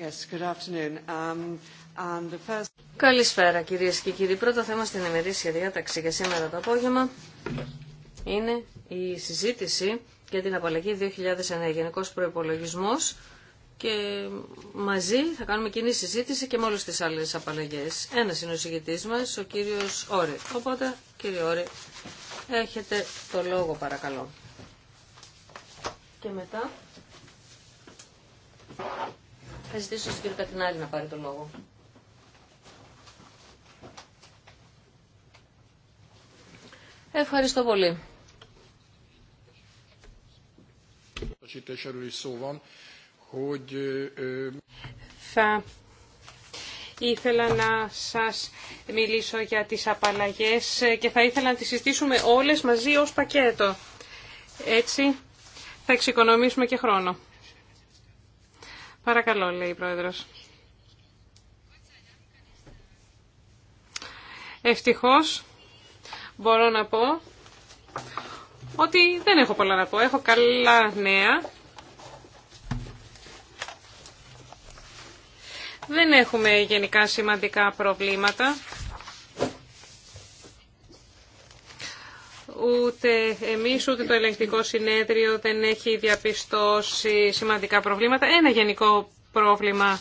Um, Καλησπέρα κύριε και κύριοι. Πρώτο θέμα στην ημερήσια διάταξη για σήμερα το απόγευμα είναι η συζήτηση για την απαλλαγή 2009 Γενικό Προπολογισμό και μαζί θα κάνουμε κοινή συζήτηση και με όλε τι άλλε απαλλαγέ. Ένα είναι ο συγγητή μα, ο κύριο Όρη. Οπότε, κύριε Όρη, έχετε το λόγο παρακαλώ. Και μετά θα ζητήσω στον κύριο Κατινάλη να πάρει τον λόγο. Ευχαριστώ πολύ. Θα ήθελα να σας μιλήσω για τις απαλλαγές και θα ήθελα να τις συζητήσουμε όλες μαζί ως πακέτο. Έτσι θα εξοικονομήσουμε και χρόνο. Παρακαλώ, λέει η Πρόεδρος. Ευτυχώς μπορώ να πω ότι δεν έχω πολλά να πω. Έχω καλά νέα. Δεν έχουμε γενικά σημαντικά προβλήματα. Ούτε εμείς ούτε το ελεγκτικό συνέδριο δεν έχει διαπιστώσει σημαντικά προβλήματα. Ένα γενικό πρόβλημα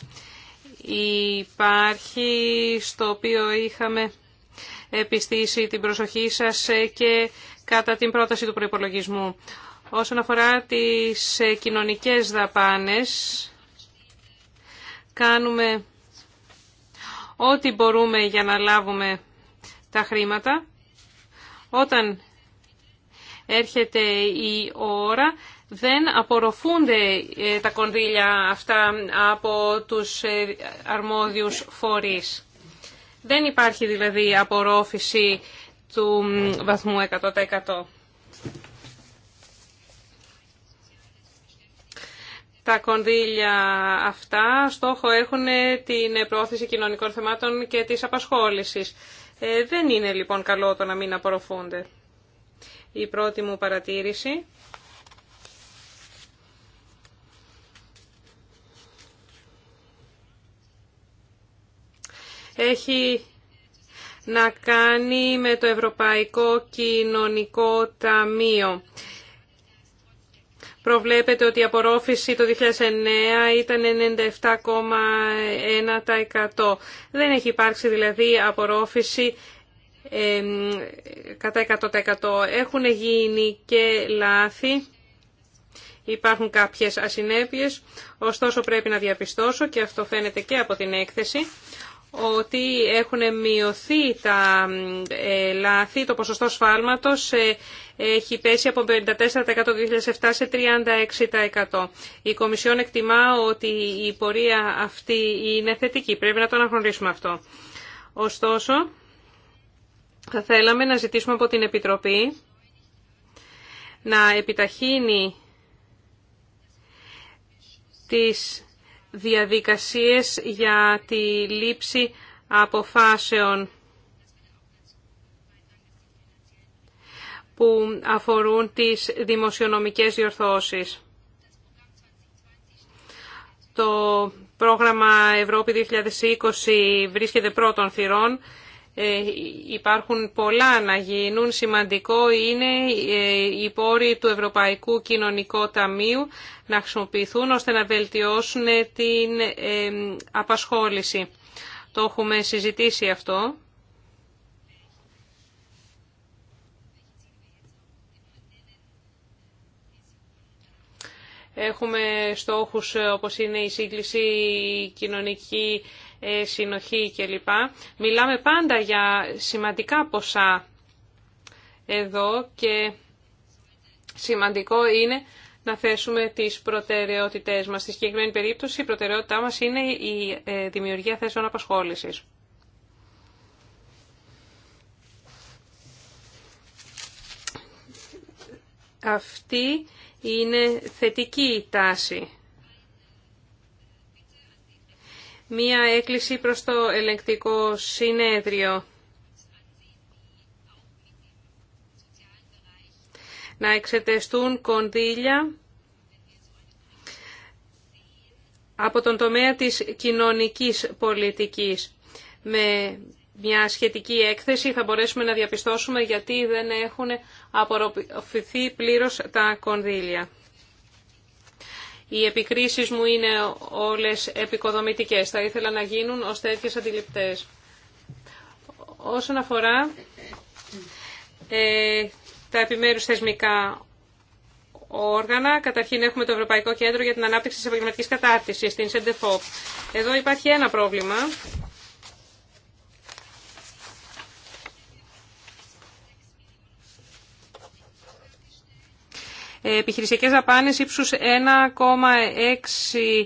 υπάρχει στο οποίο είχαμε επιστήσει την προσοχή σας και κατά την πρόταση του προϋπολογισμού. Όσον αφορά τις κοινωνικές δαπάνες, κάνουμε ό,τι μπορούμε για να λάβουμε τα χρήματα. Όταν έρχεται η ώρα δεν απορροφούνται ε, τα κονδύλια αυτά από τους ε, αρμόδιους φορείς. Δεν υπάρχει δηλαδή απορρόφηση του βαθμού 100%. Τα κονδύλια αυτά στόχο έχουν ε, την προώθηση κοινωνικών θεμάτων και της απασχόλησης. δεν είναι λοιπόν καλό το να μην απορροφούνται η πρώτη μου παρατήρηση. Έχει να κάνει με το Ευρωπαϊκό Κοινωνικό Ταμείο. Προβλέπετε ότι η απορρόφηση το 2009 ήταν 97,1%. Δεν έχει υπάρξει δηλαδή απορρόφηση κατά 100%. Έχουν γίνει και λάθη, υπάρχουν κάποιες ασυνέπειες, ωστόσο πρέπει να διαπιστώσω και αυτό φαίνεται και από την έκθεση, ότι έχουν μειωθεί τα ε, λάθη, το ποσοστό σφάλματος ε, έχει πέσει από 54% το 2007 σε 36%. Η Κομισιόν εκτιμά ότι η πορεία αυτή είναι θετική. Πρέπει να το αναγνωρίσουμε αυτό. Ωστόσο, θα θέλαμε να ζητήσουμε από την Επιτροπή να επιταχύνει τις διαδικασίες για τη λήψη αποφάσεων που αφορούν τις δημοσιονομικές διορθώσεις. Το πρόγραμμα Ευρώπη 2020 βρίσκεται πρώτων θυρών. Ε, υπάρχουν πολλά να γίνουν. Σημαντικό είναι ε, οι πόροι του Ευρωπαϊκού Κοινωνικού Ταμείου να χρησιμοποιηθούν ώστε να βελτιώσουν την ε, απασχόληση. Το έχουμε συζητήσει αυτό. Έχουμε στόχους όπως είναι η σύγκληση κοινωνική ε, συνοχή κλπ. Μιλάμε πάντα για σημαντικά ποσά εδώ και σημαντικό είναι να θέσουμε τις προτεραιότητές μας. Στη συγκεκριμένη περίπτωση η προτεραιότητά μας είναι η ε, δημιουργία θέσεων απασχόλησης. Αυτή είναι θετική τάση. μία έκκληση προς το ελεγκτικό συνέδριο. Να εξετεστούν κονδύλια από τον τομέα της κοινωνικής πολιτικής. Με μια σχετική έκθεση θα μπορέσουμε να διαπιστώσουμε γιατί δεν έχουν απορροφηθεί πλήρως τα κονδύλια. Οι επικρίσεις μου είναι όλες επικοδομητικές. Θα ήθελα να γίνουν ως τέτοιες αντιληπτές. Όσον αφορά ε, τα επιμέρους θεσμικά όργανα, καταρχήν έχουμε το Ευρωπαϊκό Κέντρο για την Ανάπτυξη της Επαγγελματικής Κατάρτισης, την ΣΕΝΤΕΦΟΠ. Εδώ υπάρχει ένα πρόβλημα Ε, επιχειρησιακές δαπάνες ύψους 1,6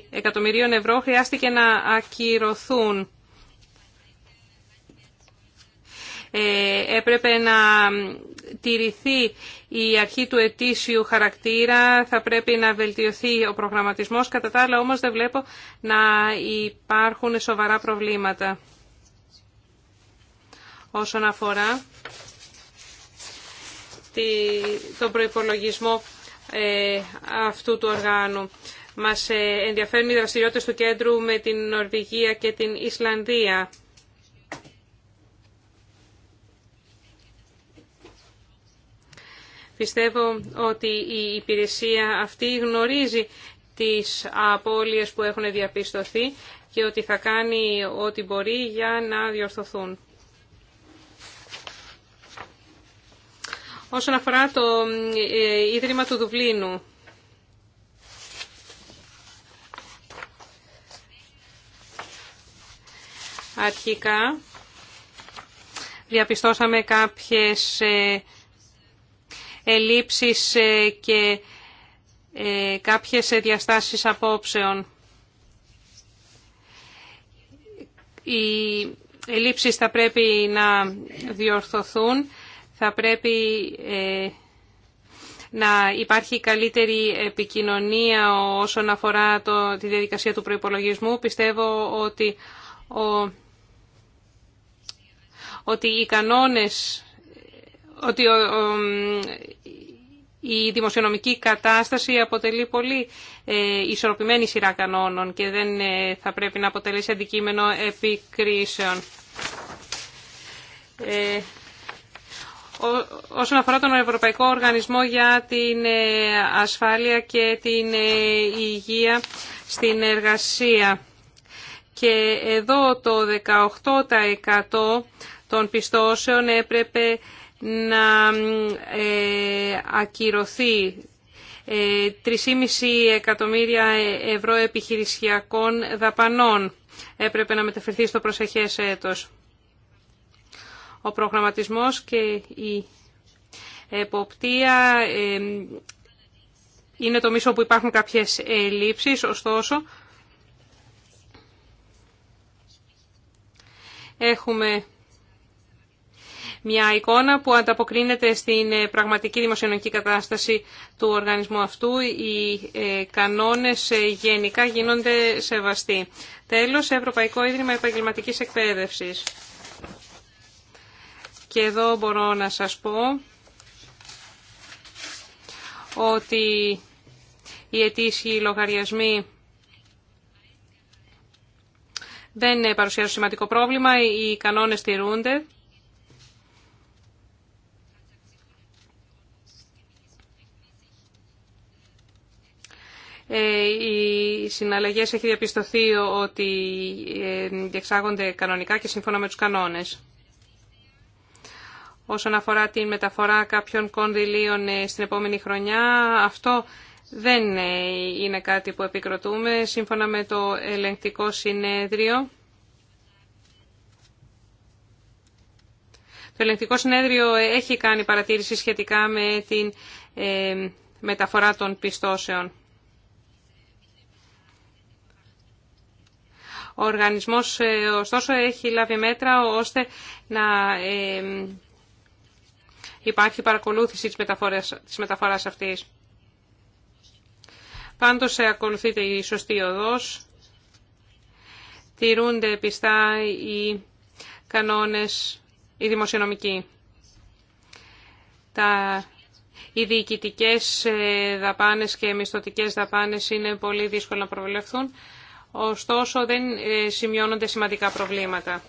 εκατομμυρίων ευρώ χρειάστηκε να ακυρωθούν. Ε, έπρεπε να τηρηθεί η αρχή του ετήσιου χαρακτήρα, θα πρέπει να βελτιωθεί ο προγραμματισμός. Κατά τα άλλα όμως δεν βλέπω να υπάρχουν σοβαρά προβλήματα. Όσον αφορά τον προϋπολογισμό ε, αυτού του οργάνου. Μας ε, ενδιαφέρουν οι δραστηριότητες του κέντρου με την Νορβηγία και την Ισλανδία. Πιστεύω ότι η υπηρεσία αυτή γνωρίζει τις απώλειες που έχουν διαπιστωθεί και ότι θα κάνει ό,τι μπορεί για να διορθωθούν. όσον αφορά το ε, Ίδρυμα του Δουβλίνου. Αρχικά διαπιστώσαμε κάποιες ε, ελλείψεις ε, και κάποιες διαστάσεις απόψεων. Οι ελλείψεις θα πρέπει να διορθωθούν θα πρέπει ε, να υπάρχει καλύτερη επικοινωνία όσον αφορά το, τη διαδικασία του προϋπολογισμού. Πιστεύω ότι, ότι οι κανόνες, ότι ο, η δημοσιονομική κατάσταση αποτελεί πολύ ε, ισορροπημένη σειρά κανόνων και δεν ε, θα πρέπει να αποτελέσει αντικείμενο επικρίσεων. Ε, όσον αφορά τον Ευρωπαϊκό Οργανισμό για την ε, Ασφάλεια και την ε, Υγεία στην Εργασία. Και εδώ το 18% των πιστώσεων έπρεπε να ε, ακυρωθεί 3,5 εκατομμύρια ευρώ επιχειρησιακών δαπανών έπρεπε να μεταφερθεί στο προσεχές έτος. Ο προγραμματισμός και η εποπτεία είναι το μίσο που υπάρχουν κάποιες ελλείψεις, ωστόσο έχουμε μια εικόνα που ανταποκρίνεται στην πραγματική δημοσιονομική κατάσταση του οργανισμού αυτού. Οι ε, κανόνες ε, γενικά γίνονται σεβαστοί. Τέλος, Ευρωπαϊκό Ίδρυμα Επαγγελματικής Εκπαίδευσης. Και εδώ μπορώ να σας πω ότι οι αιτήσιοι λογαριασμοί δεν παρουσιάζουν σημαντικό πρόβλημα, οι κανόνες τηρούνται. Ε, οι συναλλαγές έχει διαπιστωθεί ότι ε, διεξάγονται κανονικά και σύμφωνα με τους κανόνες όσον αφορά την μεταφορά κάποιων κονδυλίων ε, στην επόμενη χρονιά. Αυτό δεν ε, είναι κάτι που επικροτούμε. Σύμφωνα με το ελεγκτικό συνέδριο, Το ελεγκτικό συνέδριο ε, έχει κάνει παρατήρηση σχετικά με την ε, μεταφορά των πιστώσεων. Ο οργανισμός, ωστόσο, έχει λάβει μέτρα ώστε να υπάρχει παρακολούθηση της μεταφοράς, της μεταφοράς αυτής. Πάντως ακολουθείται η σωστή οδός, τηρούνται πιστά οι κανόνες, οι δημοσιονομικοί. Τα, οι διοικητικέ ε, δαπάνες και μισθωτικές δαπάνες είναι πολύ δύσκολο να προβλεφθούν, ωστόσο δεν ε, σημειώνονται σημαντικά προβλήματα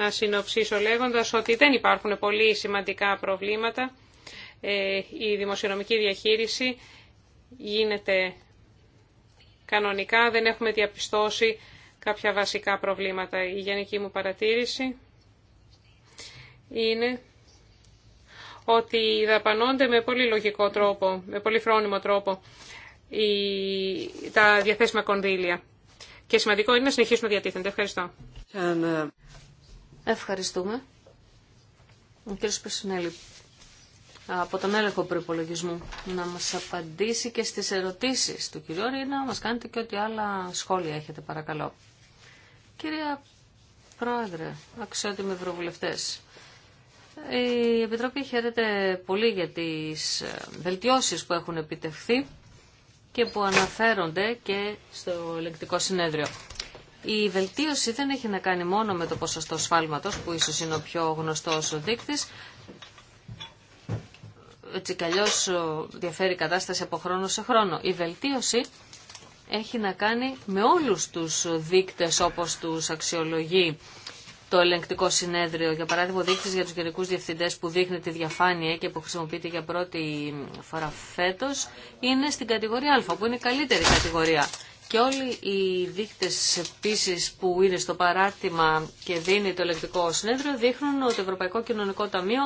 να συνοψίσω λέγοντας ότι δεν υπάρχουν πολύ σημαντικά προβλήματα. Ε, η δημοσιονομική διαχείριση γίνεται κανονικά, δεν έχουμε διαπιστώσει κάποια βασικά προβλήματα. Η γενική μου παρατήρηση είναι ότι δαπανώνται με πολύ λογικό τρόπο, με πολύ φρόνιμο τρόπο η, τα διαθέσιμα κονδύλια. Και σημαντικό είναι να συνεχίσουμε να διατίθενται. Ευχαριστώ. Ε, Ευχαριστούμε. Ο κύριος Πεσσινέλη από τον έλεγχο προπολογισμού να μας απαντήσει και στις ερωτήσεις του κυρίου ή να μας κάνετε και ό,τι άλλα σχόλια έχετε παρακαλώ. Κυρία Πρόεδρε, αξιότιμοι ευρωβουλευτές, η Επιτροπή χαίρεται πολύ για τις ε, βελτιώσεις που έχουν επιτευχθεί και που αναφέρονται και στο ελεγκτικό συνέδριο. Η βελτίωση δεν έχει να κάνει μόνο με το ποσοστό σφάλματος, που ίσως είναι ο πιο γνωστός ο δείκτης. Έτσι κι αλλιώς διαφέρει η κατάσταση από χρόνο σε χρόνο. Η βελτίωση έχει να κάνει με όλους τους δείκτες όπως τους αξιολογεί το ελεγκτικό συνέδριο. Για παράδειγμα, ο δείκτης για τους γενικούς διευθυντές που δείχνει τη διαφάνεια και που χρησιμοποιείται για πρώτη φορά φέτος είναι στην κατηγορία Α, που είναι η καλύτερη κατηγορία. Και όλοι οι δείκτες επίση που είναι στο παράρτημα και δίνει το ελεκτικό συνέδριο δείχνουν ότι το Ευρωπαϊκό Κοινωνικό Ταμείο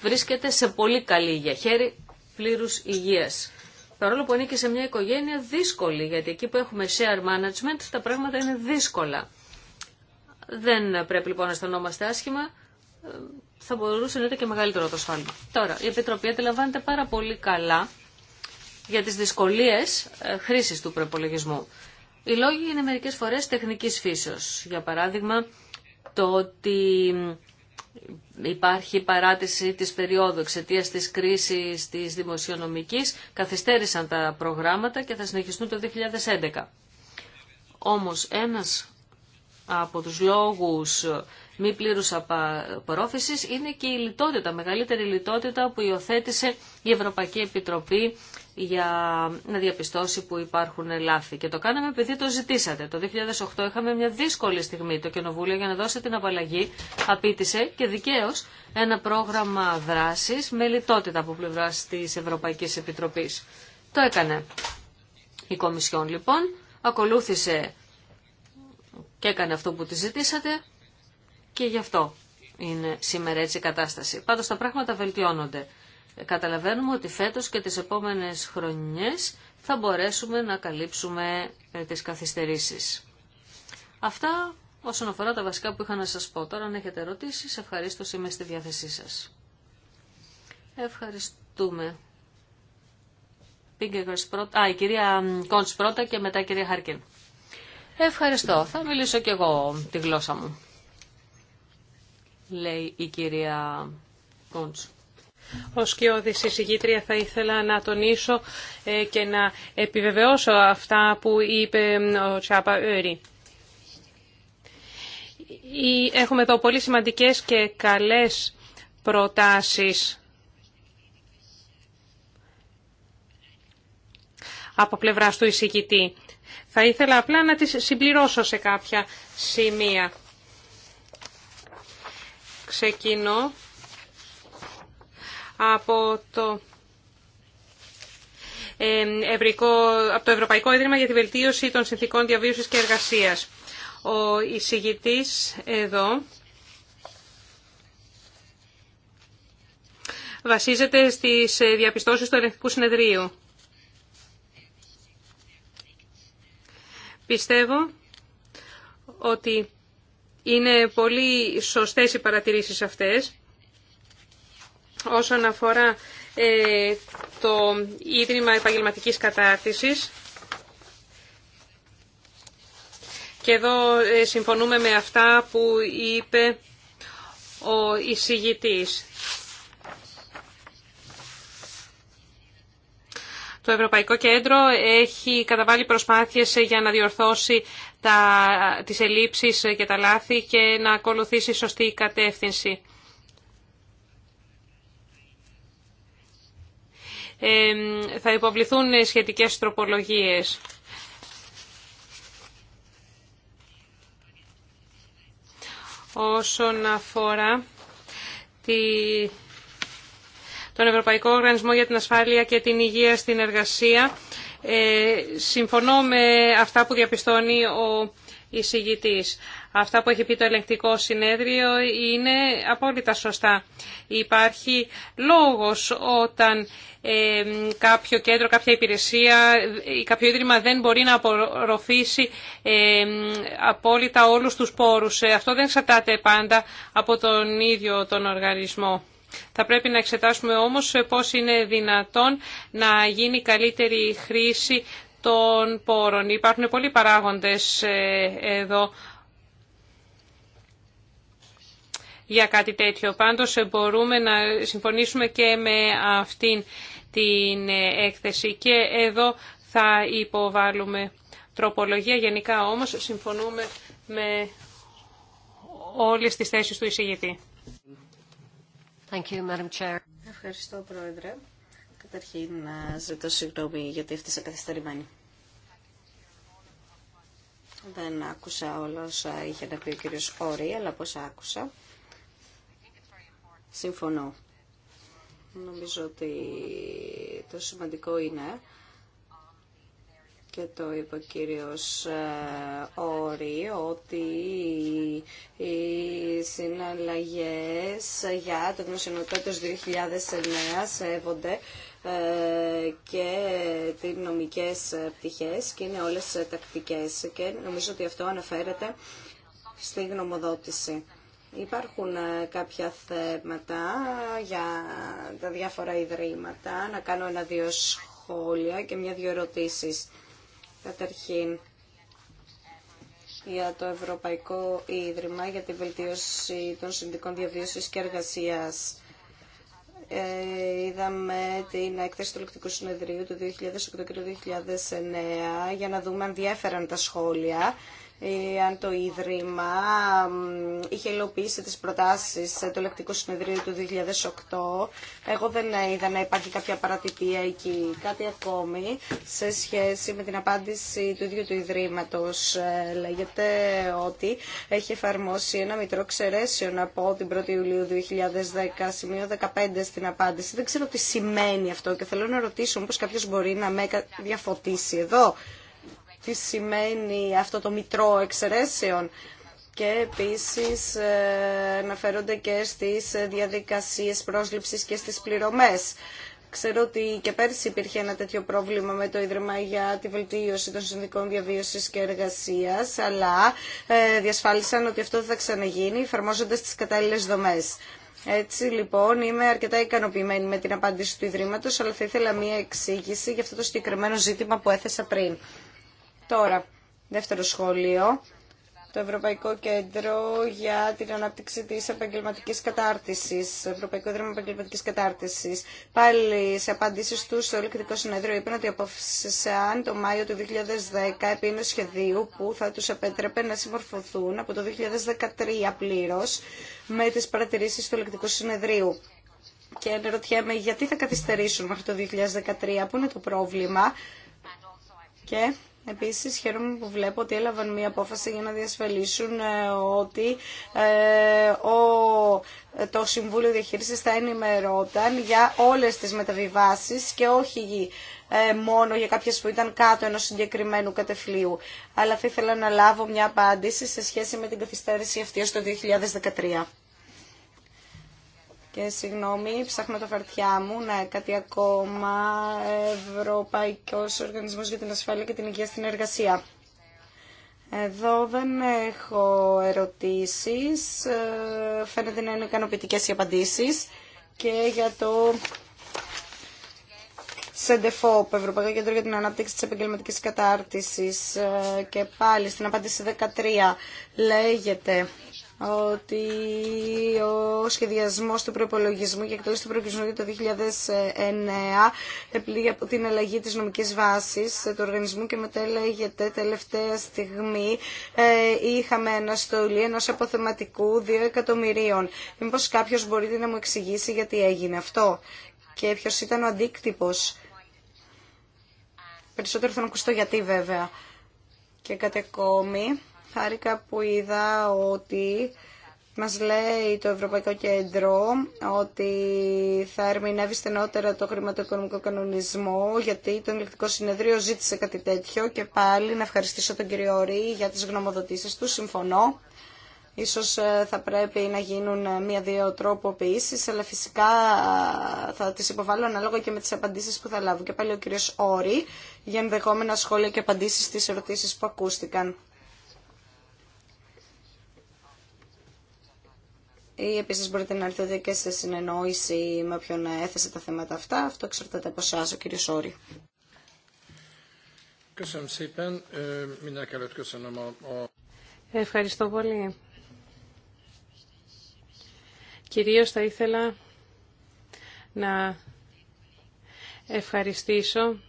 βρίσκεται σε πολύ καλή υγεία, χέρι πλήρους υγείας. Παρόλο που ανήκει σε μια οικογένεια δύσκολη, γιατί εκεί που έχουμε share management τα πράγματα είναι δύσκολα. Δεν πρέπει λοιπόν να αισθανόμαστε άσχημα, ε, θα μπορούσε να είναι και μεγαλύτερο το σφάλμα. Τώρα, η Επιτροπή αντιλαμβάνεται πάρα πολύ καλά για τις δυσκολίες ε, χρήσης του προπολογισμού. Οι λόγοι είναι μερικές φορές τεχνικής φύσεως. Για παράδειγμα, το ότι υπάρχει παράτηση της περίοδου εξαιτία της κρίσης της δημοσιονομικής, καθυστέρησαν τα προγράμματα και θα συνεχιστούν το 2011. Όμως ένας από τους λόγους μη πλήρους απορρόφησης είναι και η λιτότητα, μεγαλύτερη λιτότητα που υιοθέτησε η Ευρωπαϊκή Επιτροπή για να διαπιστώσει που υπάρχουν λάθη. Και το κάναμε επειδή το ζητήσατε. Το 2008 είχαμε μια δύσκολη στιγμή. Το Κοινοβούλιο για να δώσει την απαλλαγή απίτησε και δικαίω ένα πρόγραμμα δράσης με λιτότητα από πλευρά τη Ευρωπαϊκή Επιτροπή. Το έκανε η Κομισιόν λοιπόν. Ακολούθησε και έκανε αυτό που τη ζητήσατε και γι' αυτό είναι σήμερα έτσι η κατάσταση. Πάντως τα πράγματα βελτιώνονται καταλαβαίνουμε ότι φέτος και τις επόμενες χρονιές θα μπορέσουμε να καλύψουμε ε, τις καθυστερήσεις. Αυτά όσον αφορά τα βασικά που είχα να σας πω. Τώρα αν έχετε ερωτήσεις, ευχαρίστω είμαι στη διάθεσή σας. Ευχαριστούμε. Πρώτα. Α, η κυρία Κόντς πρώτα και μετά η κυρία Χάρκιν. Ευχαριστώ. Θα μιλήσω κι εγώ τη γλώσσα μου. Λέει η κυρία Κόντς. Ως κοιόδης εισηγήτρια θα ήθελα να τονίσω ε, και να επιβεβαιώσω αυτά που είπε ε, ο Τσάπα Ωρή. Έχουμε εδώ πολύ σημαντικές και καλές προτάσεις από πλευράς του εισηγητή. Θα ήθελα απλά να τις συμπληρώσω σε κάποια σημεία. Ξεκινώ από το από το Ευρωπαϊκό Ίδρυμα για τη Βελτίωση των Συνθήκων Διαβίωσης και Εργασίας. Ο εισηγητής εδώ βασίζεται στις διαπιστώσεις του Ελεκτικού Συνεδρίου. Πιστεύω ότι είναι πολύ σωστές οι παρατηρήσεις αυτές όσον αφορά ε, το Ίδρυμα Επαγγελματικής Κατάρτισης. Και εδώ ε, συμφωνούμε με αυτά που είπε ο εισηγητής. Το Ευρωπαϊκό Κέντρο έχει καταβάλει προσπάθειες ε, για να διορθώσει τα, τις ελλείψεις και τα λάθη και να ακολουθήσει σωστή κατεύθυνση. θα υποβληθούν σχετικές τροπολογίες. Όσον αφορά τη... τον Ευρωπαϊκό Οργανισμό για την Ασφάλεια και την Υγεία στην Εργασία, ε, συμφωνώ με αυτά που διαπιστώνει ο εισηγητής. Αυτά που έχει πει το ελεγκτικό συνέδριο είναι απόλυτα σωστά. Υπάρχει λόγος όταν κάποιο κέντρο, κάποια υπηρεσία ή κάποιο ίδρυμα δεν μπορεί να απορροφήσει απόλυτα όλους τους πόρους. Ε, αυτό δεν εξαρτάται πάντα από τον ίδιο τον οργανισμό. Θα πρέπει να εξετάσουμε όμως πώς είναι δυνατόν να γίνει καλύτερη χρήση των πόρων. Υπάρχουν πολλοί παράγοντες ε, εδώ για κάτι τέτοιο. Πάντως ε, μπορούμε να συμφωνήσουμε και με αυτήν την ε, έκθεση και εδώ θα υποβάλουμε τροπολογία. Γενικά όμως συμφωνούμε με όλες τις θέσεις του εισηγητή. Ευχαριστώ, Πρόεδρε. Καταρχήν, να ζητώ συγγνώμη γιατί έφτασα καθυστερημένη. Δεν άκουσα όλα όσα είχε να πει ο κύριος Όρη, αλλά πώς άκουσα. Συμφωνώ. Νομίζω ότι το σημαντικό είναι και το είπε ο κύριος ε, Όρη ότι οι συναλλαγές για το γνωσιανοτέτος 2009 σέβονται ε, και τι νομικές πτυχές και είναι όλες τακτικές και νομίζω ότι αυτό αναφέρεται στη γνωμοδότηση. Υπάρχουν ε, κάποια θέματα για τα διάφορα ιδρύματα. Να κάνω ένα-δύο σχόλια και μια-δύο ερωτήσει. Καταρχήν, για το Ευρωπαϊκό Ίδρυμα για τη βελτίωση των συνδικών διαβίωσης και εργασίας. Ε, είδαμε την έκθεση του Λεκτικού Συνεδρίου του 2008 και του 2009 για να δούμε αν διέφεραν τα σχόλια ε, αν το Ίδρυμα είχε υλοποιήσει τις προτάσεις του Ελεκτικού Συνεδρίου του 2008. Εγώ δεν είδα να υπάρχει κάποια παρατυπία εκεί. Κάτι ακόμη σε σχέση με την απάντηση του ίδιου του Ιδρύματος. Ε, λέγεται ότι έχει εφαρμόσει ένα μητρό ξερέσεων από την 1η Ιουλίου 2010, σημείο 15 στην απάντηση. Δεν ξέρω τι σημαίνει αυτό και θέλω να ρωτήσω πώς κάποιος μπορεί να με διαφωτίσει εδώ τι σημαίνει αυτό το μητρό εξαιρέσεων και επίσης ε, αναφέρονται και στις διαδικασίες πρόσληψης και στις πληρωμές. Ξέρω ότι και πέρσι υπήρχε ένα τέτοιο πρόβλημα με το Ίδρυμα για τη βελτίωση των συνδικών διαβίωση και εργασία, αλλά ε, διασφάλισαν ότι αυτό δεν θα ξαναγίνει εφαρμόζοντα τι κατάλληλε δομέ. Έτσι λοιπόν είμαι αρκετά ικανοποιημένη με την απάντηση του Ιδρύματο, αλλά θα ήθελα μία εξήγηση για αυτό το συγκεκριμένο ζήτημα που έθεσα πριν. Τώρα, δεύτερο σχόλιο, το Ευρωπαϊκό Κέντρο για την Ανάπτυξη τη επαγγελματική κατάρτιση, Ευρωπαϊκό Δρόμο Επαγγελματική Κατάρτιση. Πάλι σε απαντήσει του στο Ελεκτρικό Συνέδριο είπαν ότι αποφάσισαν το Μάιο του 2010 επί ενό σχεδίου που θα του επέτρεπε να συμμορφωθούν από το 2013 πλήρω με τι παρατηρήσει του Ελεκτρικού Συνεδρίου. Και αναρωτιέμαι γιατί θα καθυστερήσουν μέχρι το 2013, πού είναι το πρόβλημα. Και Επίσης χαίρομαι που βλέπω ότι έλαβαν μία απόφαση για να διασφαλίσουν ε, ότι ε, το Συμβούλιο Διαχείρισης θα ενημερώταν για όλες τις μεταβιβάσεις και όχι ε, μόνο για κάποιες που ήταν κάτω ενός συγκεκριμένου κατεφλίου. Αλλά θα ήθελα να λάβω μια απάντηση σε σχέση με την καθυστέρηση αυτή στο το 2013. Και συγγνώμη, ψάχνω τα φαρτιά μου. Ναι, κάτι ακόμα. Ευρωπαϊκό Οργανισμό για την Ασφάλεια και την Υγεία στην Εργασία. Εδώ δεν έχω ερωτήσεις. Ε, φαίνεται να είναι ικανοποιητικέ οι απαντήσεις. Και για το ΣΕΝΤΕΦΟΠ, Ευρωπαϊκό Κέντρο για την Ανάπτυξη τη επαγγελματική κατάρτιση ε, Και πάλι στην απάντηση 13 λέγεται ότι ο σχεδιασμός του προπολογισμού και εκτέλεση του προπολογισμού για το 2009 επλήγει από την αλλαγή της νομικής βάσης του οργανισμού και μετά λέγεται τελευταία στιγμή ε, είχαμε ένα στόλι ενός αποθεματικού 2 εκατομμυρίων. Μήπως κάποιος μπορείτε να μου εξηγήσει γιατί έγινε αυτό και ποιος ήταν ο αντίκτυπος. Περισσότερο θα ακουστώ γιατί βέβαια. Και κάτι Χάρηκα που είδα ότι μας λέει το Ευρωπαϊκό Κέντρο ότι θα ερμηνεύει στενότερα το χρηματοοικονομικό κανονισμό γιατί το Ελληνικό Συνεδρίο ζήτησε κάτι τέτοιο και πάλι να ευχαριστήσω τον κύριο Ρή για τις γνωμοδοτήσεις του. Συμφωνώ. Ίσως ε, θα πρέπει να γίνουν μία-δύο τροποποιήσεις, αλλά φυσικά ε, θα τις υποβάλω ανάλογα και με τις απαντήσεις που θα λάβω. Και πάλι ο κύριος Όρη για ενδεχόμενα σχόλια και απαντήσεις στις ερωτήσεις που ακούστηκαν. ή επίσης μπορείτε να έρθετε και σε συνεννόηση με όποιον έθεσε τα θέματα αυτά. Αυτό εξαρτάται από εσά, ο κύριο Σόρη. Ευχαριστώ πολύ. Κυρίως θα ήθελα να ευχαριστήσω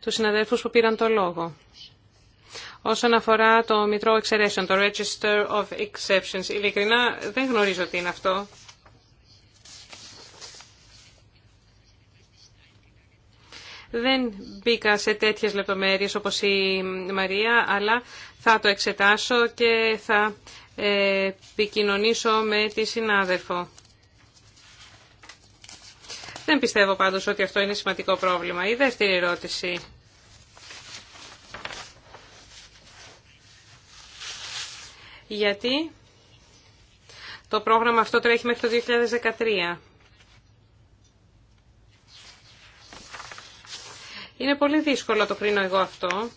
τους συναδέλφους που πήραν το λόγο. Όσον αφορά το Μητρό Εξαιρέσεων, το Register of Exceptions, ειλικρινά δεν γνωρίζω τι είναι αυτό. Δεν μπήκα σε τέτοιες λεπτομέρειες όπως η Μαρία, αλλά θα το εξετάσω και θα ε, επικοινωνήσω με τη συνάδελφο. Δεν πιστεύω πάντως ότι αυτό είναι σημαντικό πρόβλημα. Η δεύτερη ερώτηση. γιατί το πρόγραμμα αυτό τρέχει μέχρι το 2013. Είναι πολύ δύσκολο το κρίνω εγώ αυτό.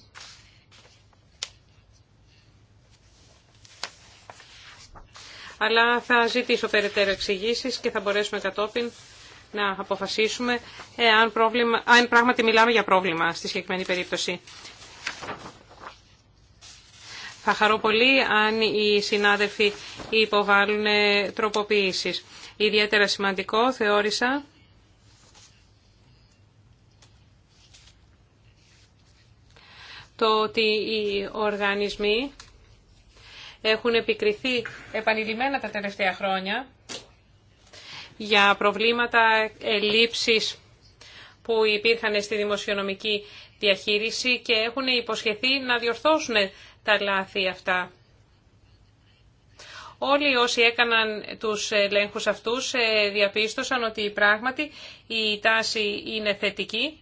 Αλλά θα ζητήσω περαιτέρω εξηγήσει και θα μπορέσουμε κατόπιν να αποφασίσουμε πρόβλημα, αν πράγματι μιλάμε για πρόβλημα στη συγκεκριμένη περίπτωση. Θα χαρώ πολύ αν οι συνάδελφοι υποβάλλουν τροποποιήσεις. Ιδιαίτερα σημαντικό θεώρησα το ότι οι οργανισμοί έχουν επικριθεί επανειλημμένα τα τελευταία χρόνια για προβλήματα ελλείψης που υπήρχαν στη δημοσιονομική διαχείριση και έχουν υποσχεθεί να διορθώσουν τα λάθη αυτά. Όλοι όσοι έκαναν τους ελέγχους αυτούς ε, διαπίστωσαν ότι πράγματι η τάση είναι θετική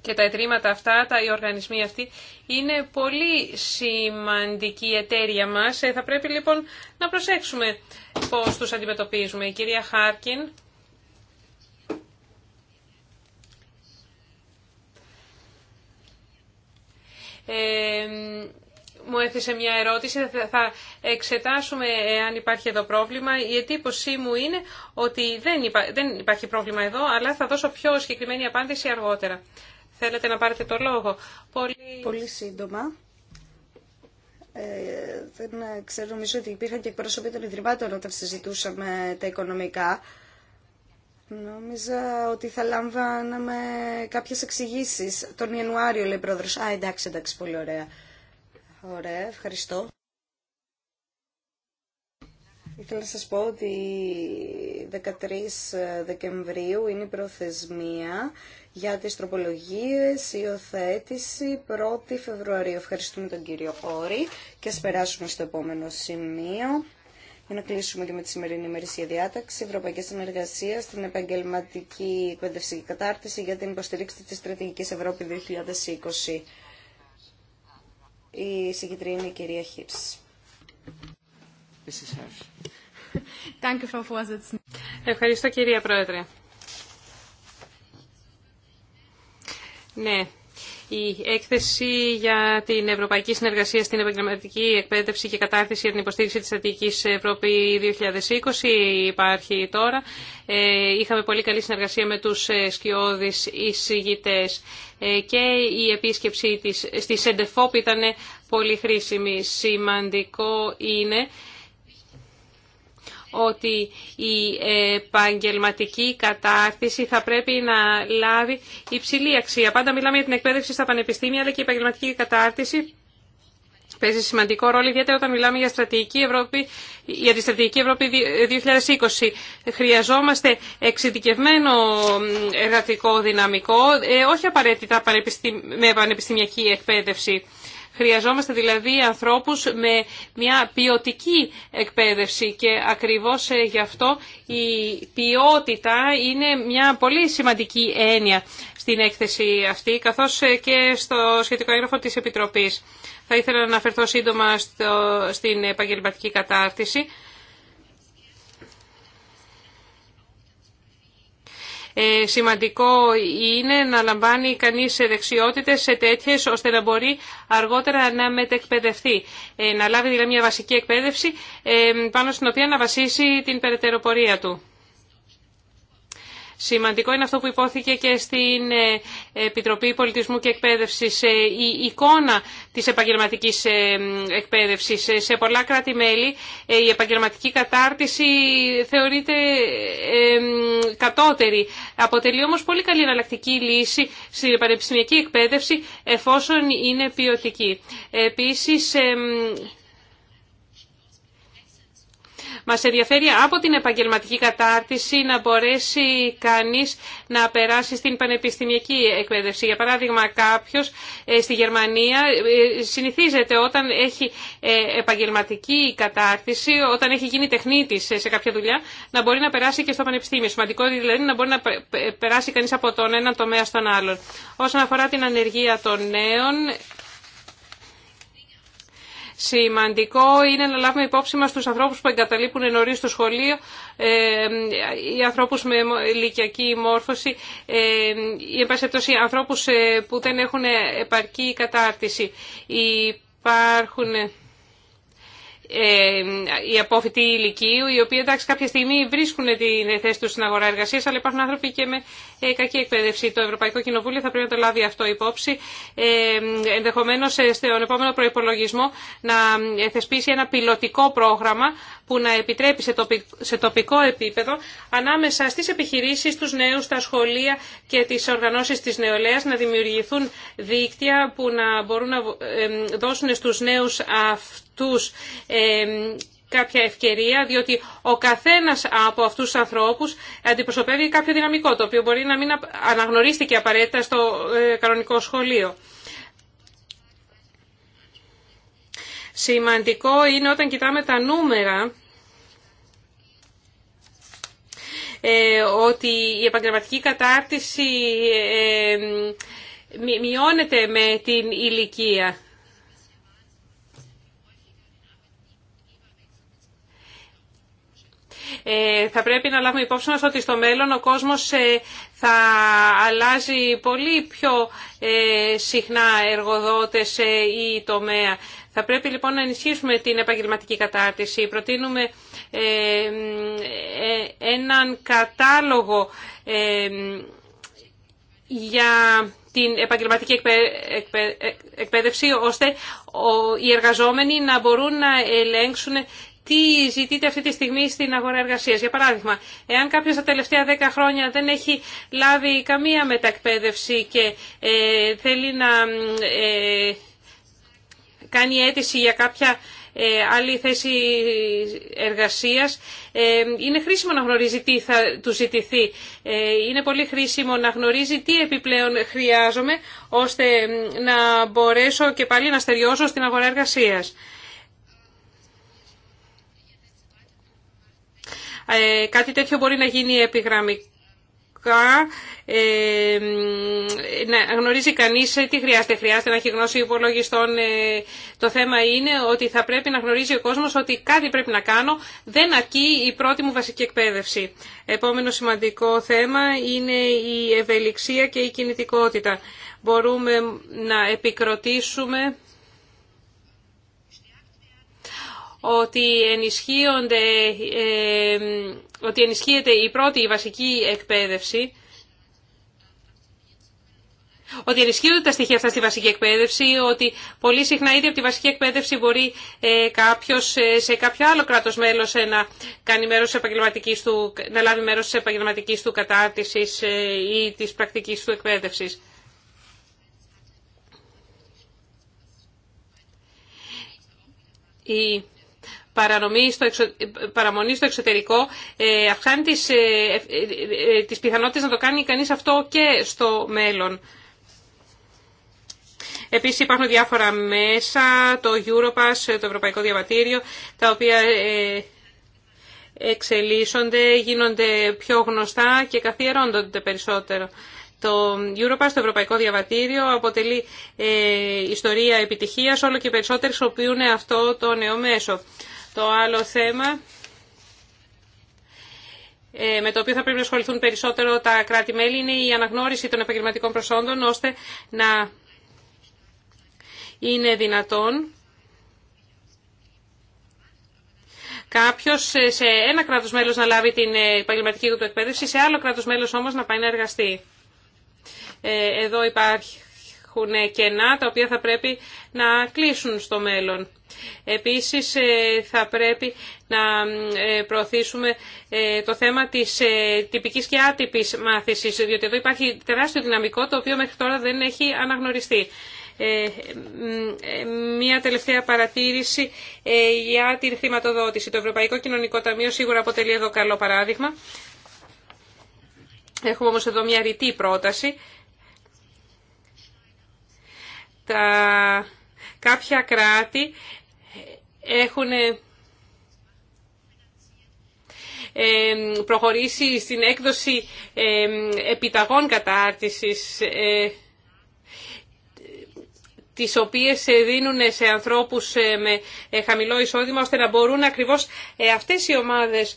και τα ετρήματα αυτά, τα, οι οργανισμοί αυτοί είναι πολύ σημαντική εταίρια μας. Ε, θα πρέπει λοιπόν να προσέξουμε πώς τους αντιμετωπίζουμε. Η κυρία Χάρκιν μου έθεσε μια ερώτηση, θα εξετάσουμε αν υπάρχει εδώ πρόβλημα. Η εντύπωσή μου είναι ότι δεν, δεν υπάρχει πρόβλημα εδώ, αλλά θα δώσω πιο συγκεκριμένη απάντηση αργότερα. Θέλετε να πάρετε το λόγο. Πολύ, Πολύ σύντομα. Ε, δεν ξέρω, νομίζω ότι υπήρχαν και εκπρόσωποι των Ιδρυμάτων όταν συζητούσαμε τα οικονομικά. Νόμιζα ότι θα λαμβάναμε κάποιες εξηγήσει τον Ιανουάριο, λέει πρόεδρο. Α, εντάξει, εντάξει, πολύ ωραία. Ωραία, ευχαριστώ. Ήθελα να σας πω ότι 13 Δεκεμβρίου είναι η προθεσμία για τις τροπολογίες, υιοθέτηση 1η Φεβρουαρίου. Ευχαριστούμε τον κύριο Όρη και ας περάσουμε στο επόμενο σημείο για να κλείσουμε και με τη σημερινή ημερησία διάταξη, Ευρωπαϊκή Συνεργασία στην Επαγγελματική Εκπαιδευτική Κατάρτιση για την υποστηρίξη τη Στρατηγική Ευρώπη 2020. Η συγκεκριμένη είναι η κυρία Χίρς. Ευχαριστώ κυρία Πρόεδρε. Ναι, η έκθεση για την Ευρωπαϊκή Συνεργασία στην Επαγγελματική Εκπαίδευση και Κατάρτιση για την Υποστήριξη της Αττικής Ευρώπη 2020 υπάρχει τώρα. Ε, είχαμε πολύ καλή συνεργασία με τους ε, σκιώδεις εισηγητές ε, και η επίσκεψή της στη Σεντεφόπ ήταν πολύ χρήσιμη. Σημαντικό είναι ότι η επαγγελματική κατάρτιση θα πρέπει να λάβει υψηλή αξία. Πάντα μιλάμε για την εκπαίδευση στα πανεπιστήμια, αλλά και η επαγγελματική κατάρτιση παίζει σημαντικό ρόλο, ιδιαίτερα όταν μιλάμε για, στρατηγική Ευρώπη, για τη στρατηγική Ευρώπη 2020. Χρειαζόμαστε εξειδικευμένο εργατικό δυναμικό, ε, όχι απαραίτητα με πανεπιστημιακή εκπαίδευση. Χρειαζόμαστε δηλαδή ανθρώπους με μια ποιοτική εκπαίδευση και ακριβώς ε, γι' αυτό η ποιότητα είναι μια πολύ σημαντική έννοια στην έκθεση αυτή, καθώς ε, και στο σχετικό έγγραφο της Επιτροπής. Θα ήθελα να αναφερθώ σύντομα στην επαγγελματική κατάρτιση. Ε, σημαντικό είναι να λαμβάνει κανείς δεξιότητες σε τέτοιες ώστε να μπορεί αργότερα να μετεκπαιδευτεί. Ε, να λάβει δηλαδή μια βασική εκπαίδευση ε, πάνω στην οποία να βασίσει την περαιτεροπορία του. Σημαντικό είναι αυτό που υπόθηκε και στην ε, Επιτροπή Πολιτισμού και Εκπαίδευσης, ε, η εικόνα της επαγγελματικής ε, εκπαίδευσης. Σε πολλά κράτη-μέλη η επαγγελματική κατάρτιση θεωρείται κατώτερη. Αποτελεί όμως πολύ καλή εναλλακτική λύση στην πανεπιστημιακή εκπαίδευση εφόσον είναι ποιοτική. Επίσης, μας ενδιαφέρει από την επαγγελματική κατάρτιση να μπορέσει κανείς να περάσει στην πανεπιστημιακή εκπαίδευση. Για παράδειγμα, κάποιος ε, στη Γερμανία ε, συνηθίζεται όταν έχει ε, επαγγελματική κατάρτιση, όταν έχει γίνει τεχνίτη σε κάποια δουλειά, να μπορεί να περάσει και στο πανεπιστήμιο. Σημαντικό δηλαδή να μπορεί να περάσει κανείς από τον ένα τομέα στον άλλον. Όσον αφορά την ανεργία των νέων, Σημαντικό είναι να λάβουμε υπόψη μας τους ανθρώπους που εγκαταλείπουν νωρίς το σχολείο, ε, οι ανθρώπους με ηλικιακή μόρφωση, οι ε, ανθρώπους ε, που δεν έχουν επαρκή κατάρτιση. Υπάρχουν ε, οι απόφοιτοι ηλικίου, οι οποίοι εντάξει κάποια στιγμή βρίσκουν την θέση του στην αγορά εργασία, αλλά υπάρχουν άνθρωποι και με ε, κακή εκπαίδευση. Το Ευρωπαϊκό Κοινοβούλιο θα πρέπει να το λάβει αυτό υπόψη. Ε, Ενδεχομένω ε, στον επόμενο προπολογισμό να θεσπίσει ένα πιλωτικό πρόγραμμα που να επιτρέπει σε τοπικό επίπεδο ανάμεσα στι επιχειρήσει, του νέου, στα σχολεία και τι οργανώσει τη νεολαία να δημιουργηθούν δίκτυα που να μπορούν να δώσουν στου νέου αυτού αυτούς κάποια ευκαιρία, διότι ο καθένας από αυτούς τους ανθρώπους αντιπροσωπεύει κάποιο δυναμικό, το οποίο μπορεί να μην αναγνωρίστηκε απαραίτητα στο ε, κανονικό σχολείο. Σημαντικό είναι όταν κοιτάμε τα νούμερα ε, ότι η επαγγελματική κατάρτιση ε, μειώνεται με την ηλικία. Ε, θα πρέπει να λάβουμε υπόψη μας ότι στο μέλλον ο κόσμος ε, θα αλλάζει πολύ πιο ε, συχνά εργοδότες ή τομέα. Θα πρέπει λοιπόν να ενισχύσουμε την επαγγελματική κατάρτιση. Προτείνουμε έναν κατάλογο για την επαγγελματική εκπαίδευση, ώστε οι εργαζόμενοι να μπορούν να ελέγξουν τι ζητείτε αυτή τη στιγμή στην αγορά εργασίας. Για παράδειγμα, εάν κάποιος τα τελευταία 10 χρόνια δεν έχει λάβει καμία μετακπαίδευση και ε, θέλει να ε, κάνει αίτηση για κάποια ε, άλλη θέση εργασίας. Ε, είναι χρήσιμο να γνωρίζει τι θα του ζητηθεί. Ε, είναι πολύ χρήσιμο να γνωρίζει τι επιπλέον χρειάζομαι ώστε να μπορέσω και πάλι να στεριώσω στην αγορά εργασίας. Ε, κάτι τέτοιο μπορεί να γίνει επιγραμμικά, ε, να γνωρίζει κανείς τι χρειάζεται. Χρειάζεται να έχει γνώση υπολογιστών. Ε, το θέμα είναι ότι θα πρέπει να γνωρίζει ο κόσμος ότι κάτι πρέπει να κάνω. Δεν αρκεί η πρώτη μου βασική εκπαίδευση. Επόμενο σημαντικό θέμα είναι η ευελιξία και η κινητικότητα. Μπορούμε να επικροτήσουμε ότι, ενισχύονται, ε, ότι ενισχύεται η πρώτη, η βασική εκπαίδευση, ότι ενισχύονται τα στοιχεία αυτά στη βασική εκπαίδευση, ότι πολύ συχνά ήδη από τη βασική εκπαίδευση μπορεί ε, κάποιο ε, σε κάποιο άλλο κράτο μέλο ε, να, κάνει μέρος του, να λάβει μέρο τη επαγγελματική του κατάρτιση ή τη πρακτική του εκπαίδευση. Η στο εξω... παραμονή στο εξωτερικό ε, αυξάνει τις, ε, ε, τις πιθανότητες να το κάνει κανείς αυτό και στο μέλλον. Επίσης υπάρχουν διάφορα μέσα, το Europass, το Ευρωπαϊκό Διαβατήριο, τα οποία εξελίσσονται, γίνονται πιο γνωστά και καθιερώνονται περισσότερο. Το Europass, το Ευρωπαϊκό Διαβατήριο, αποτελεί ε, ιστορία επιτυχίας, όλο και περισσότεροι χρησιμοποιούν αυτό το νέο μέσο. Το άλλο θέμα ε, με το οποίο θα πρέπει να ασχοληθούν περισσότερο τα κράτη-μέλη είναι η αναγνώριση των επαγγελματικών προσόντων ώστε να είναι δυνατόν κάποιος σε ένα κράτος μέλος να λάβει την ε, επαγγελματική του εκπαίδευση, σε άλλο κράτος μέλος όμως να πάει να εργαστεί. Ε, εδώ υπάρχει υπάρχουν κενά τα οποία θα πρέπει να κλείσουν στο μέλλον. Επίσης ε, θα πρέπει να ε, προωθήσουμε ε, το θέμα της τυπικής και άτυπης μάθησης, διότι εδώ υπάρχει τεράστιο δυναμικό το οποίο μέχρι τώρα δεν έχει αναγνωριστεί. Μία τελευταία παρατήρηση για την χρηματοδότηση. Το Ευρωπαϊκό Κοινωνικό Ταμείο σίγουρα αποτελεί εδώ καλό παράδειγμα. Έχουμε όμως εδώ μια ρητή πρόταση τα κάποια κράτη έχουν προχωρήσει στην έκδοση επιταγών κατάρτισης ε, τις οποίες ε, δίνουν σε ανθρώπους ε, με ε, χαμηλό εισόδημα, ώστε να μπορούν ακριβώς αυτές οι ομάδες